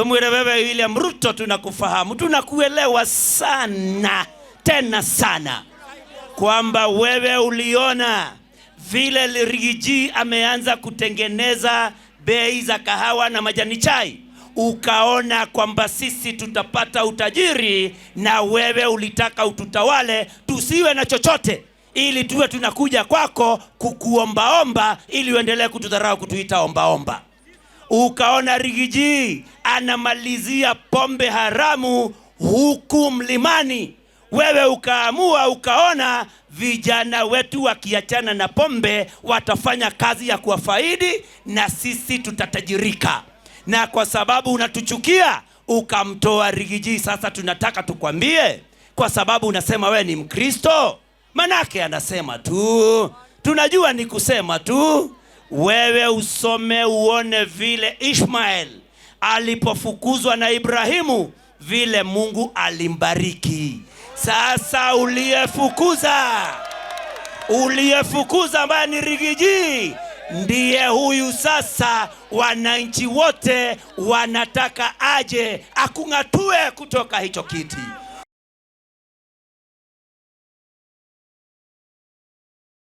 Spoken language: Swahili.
tumwire wewe William Ruto, tunakufahamu, tunakuelewa sana tena sana, kwamba wewe uliona vile Rigiji ameanza kutengeneza bei za kahawa na majani chai, ukaona kwamba sisi tutapata utajiri, na wewe ulitaka ututawale tusiwe na chochote, ili tuwe tunakuja kwako kukuombaomba, ili uendelee kutudharau, kutuita ombaomba Ukaona Rigiji anamalizia pombe haramu huku mlimani. Wewe ukaamua ukaona vijana wetu wakiachana na pombe watafanya kazi ya kuwafaidi, na sisi tutatajirika. Na kwa sababu unatuchukia ukamtoa Rigiji, sasa tunataka tukwambie, kwa sababu unasema we ni Mkristo, manake anasema tu, tunajua ni kusema tu. Wewe usome uone vile Ishmael alipofukuzwa na Ibrahimu, vile Mungu alimbariki. Sasa uliyefukuza, uliyefukuza ambaye ni Rigiji ndiye huyu sasa. Wananchi wote wanataka aje akung'atue kutoka hicho kiti.